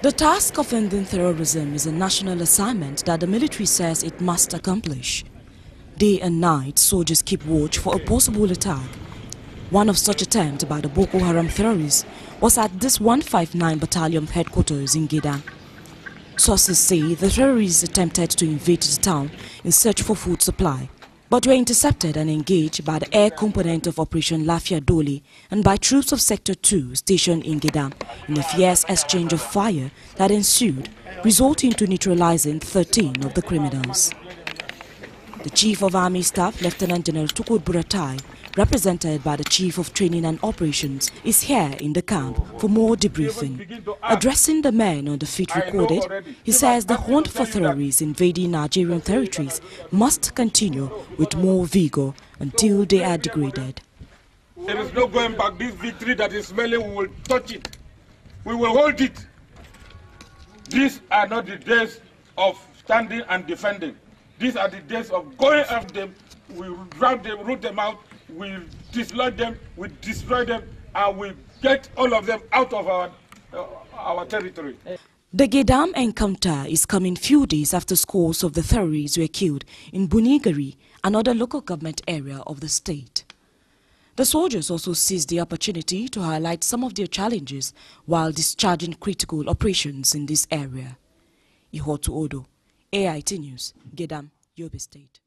The task of ending terrorism is a national assignment that the military says it must accomplish. Day and night, soldiers keep watch for a possible attack. One of such attempts by the Boko Haram terrorists was at this 159 Battalion headquarters in Geda. Sources say the terrorists attempted to invade the town in search for food supply but were intercepted and engaged by the air component of Operation Lafia Doli and by troops of Sector 2 stationed in Gedam in a fierce exchange of fire that ensued, resulting to neutralizing 13 of the criminals. The Chief of Army Staff, Lieutenant General Tukur Buratai, represented by the Chief of Training and Operations, is here in the camp for more debriefing. Addressing the men on the feet recorded, he says the hunt for terrorists invading Nigerian territories must continue with more vigour until they are degraded. There is no going back. This victory that is smelling, we will touch it. We will hold it. These are not the days of standing and defending. These are the days of going after them. We drive them, root them out, we dislodge them, we destroy them, and we get all of them out of our, uh, our territory. The Gedam encounter is coming few days after scores of the terrorists were killed in Bunigari, another local government area of the state. The soldiers also seized the opportunity to highlight some of their challenges while discharging critical operations in this area. Ihotu Odo AIT News, Gedam, Yobe State.